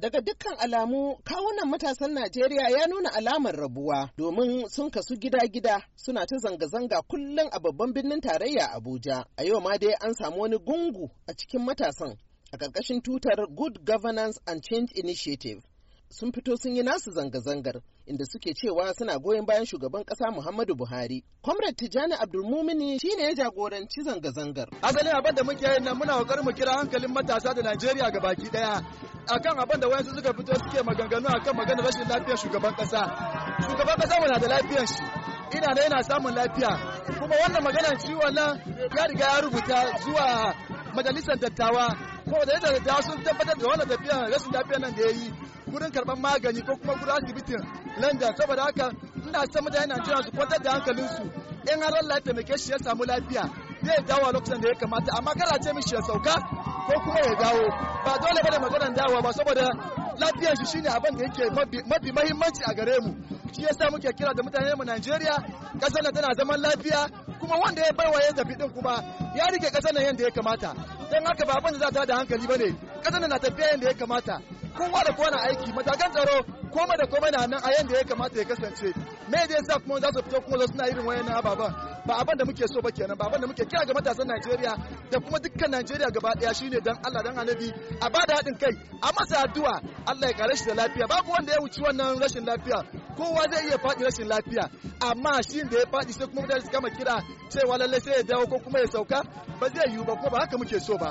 Daga dukkan alamu kawunan matasan Najeriya ya nuna alamar rabuwa domin sun kasu gida-gida suna ta zanga-zanga kullum a babban birnin tarayya Abuja. A yau ma dai an samu wani gungu a cikin matasan a ƙarƙashin tutar Good Governance and Change Initiative. sun fito sun yi nasu zanga-zangar inda suke cewa suna goyon bayan shugaban kasa Muhammadu Buhari. Comrade Tijjani Abdulmumini shine ya jagoranci zanga-zangar. Asali abin da muke yin nan muna kokarin mu kira hankalin matasa da Najeriya ga baki daya akan abin da wayansu suka fito suke maganganu akan maganar rashin lafiyar shugaban kasa. Shugaban kasa muna da lafiyar shi. Ina da yana samun lafiya kuma wannan maganar ciwon nan ya riga ya rubuta zuwa majalisar dattawa ko da yadda dattawa sun tabbatar da wannan tafiya rashin lafiyar nan da ya yi wurin karban magani ko kuma gurin asibitin london saboda haka ina son mutane najeriya su kwantar da hankalinsu in har allah ya taimake shi ya samu lafiya zai dawo lokacin da ya kamata amma kada ce mishi ya sauka ko kuma ya dawo ba dole ba da maganar dawowa ba saboda lafiyar shi shine abin da yake mafi mahimmanci a gare mu shi yasa muke kira da mutane mu Najeriya kasar nan tana zaman lafiya kuma wanda ya baiwa ya zafi din kuma ya rike kasar nan yadda ya kamata dan haka ba abin da za ta da hankali bane kasar nan na tafiya yadda ya kamata kowa da kowa na aiki matakan tsaro koma da koma na nan a yanda ya kamata ya kasance me ya sa kuma za su fito kuma suna irin wayannan ababa ba abin da muke so ba kenan ba abin da muke kira ga matasan Najeriya da kuma dukkan Najeriya gaba daya shine dan Allah dan Annabi a ba da haɗin kai a masa addu'a Allah ya kare shi da lafiya babu wanda ya wuci wannan rashin lafiya kowa zai iya faɗi rashin lafiya amma shi da ya faɗi sai kuma mutane su kama kira cewa lallai sai ya dawo ko kuma ya sauka ba zai yiwu ba kuma ba haka muke so ba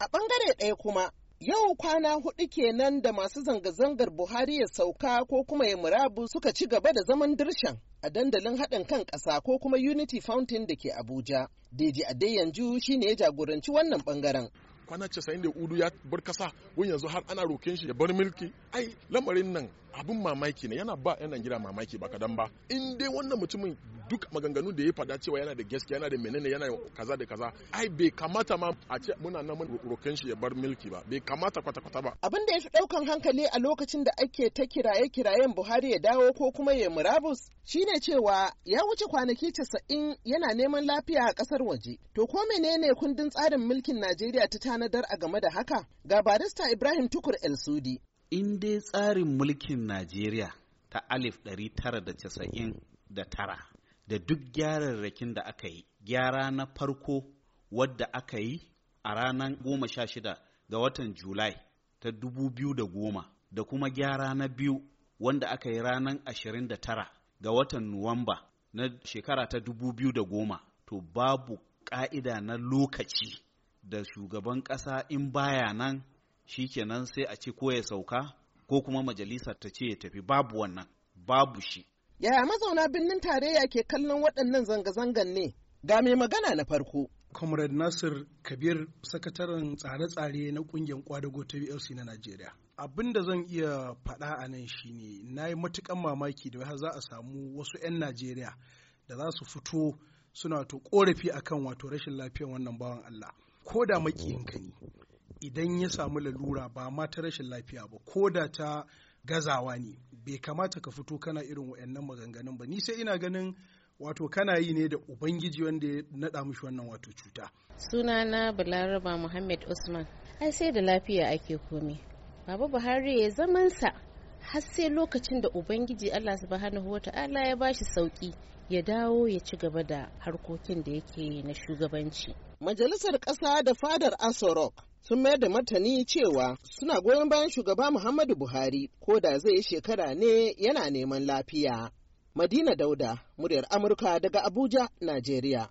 a bangare ɗaya kuma Yau kwana hudu kenan da masu zanga-zangar Buhari ya sauka ko kuma ya murabu suka ci gaba da zaman dirshan a dandalin haɗin kan ƙasa ko kuma Unity Fountain da ke Abuja. Daidai a dai yanzu shine ya jagoranci wannan ɓangaren. kwana casa'in da udu ya bar kasa wani yanzu har ana roken shi ya bar milki ai lamarin nan abin mamaki ne yana ba yan gida mamaki ba kadan ba in dai wannan mutumin duk maganganu da ya fada cewa yana da gaskiya yana da menene yana kaza da kaza ai bai kamata ma a ce muna nan mun roken shi ya bar milki ba bai kamata kwata kwata ba abin da ya fi daukan hankali a lokacin da ake ta kiraye kirayen Buhari ya dawo ko kuma ya murabus shine cewa ya wuce kwanaki 90 yana neman lafiya a kasar waje to ko menene kundin tsarin mulkin Najeriya ta tanadar a game da haka ga barista Ibrahim Tukur El Sudi in dai tsarin mulkin Najeriya ta alif ɗari da casa'in da tara da duk gyararrakin da aka yi gyara na farko wadda aka yi a ranar goma sha shida ga watan julai ta dubu biyu da goma da kuma gyara na biyu wanda aka yi ranar ashirin da tara ga watan nuwamba na shekara ta dubu biyu da goma to babu ka'ida na lokaci da shugaban ƙasa in baya nan shi kenan sai a ce ko ya sauka ko kuma majalisar ta ce ya tafi babu wannan babu shi Yaya mazauna birnin tarayya ke kallon waɗannan zanga-zangan ne? Ga mai magana na farko. Comrade Nasir Kabir, sakataren tsare-tsare na ƙungiyar kwadago ta BLC na Najeriya. Abin da zan iya faɗa a nan ne, na yi matuƙan mamaki da za a samu wasu 'yan Najeriya da za su fito suna to korafi kan wato rashin lafiyar wannan bawan Allah. Ko da ka ne, idan ya samu lalura ba ma ta rashin lafiya ba, ko da ta gazawa ne bai kamata ka fito kana irin wa'annan maganganun ba ni sai ina ganin wato kana yi ne da ubangiji wanda ya naɗa mishi wannan wato cuta sunana balaraba muhammad usman ai sai da lafiya ake komi baba buhari ya zamansa har sai lokacin da ubangiji allah subhanahu wa ta'ala ya bashi sauki ya dawo ya ci gaba da harkokin da yake na shugabanci majalisar ƙasa da fadar asorok sun mayar da martani cewa suna goyon bayan shugaba Muhammadu Buhari ko da zai yi shekara ne yana neman lafiya. Madina Dauda, muryar Amurka daga Abuja, Najeriya.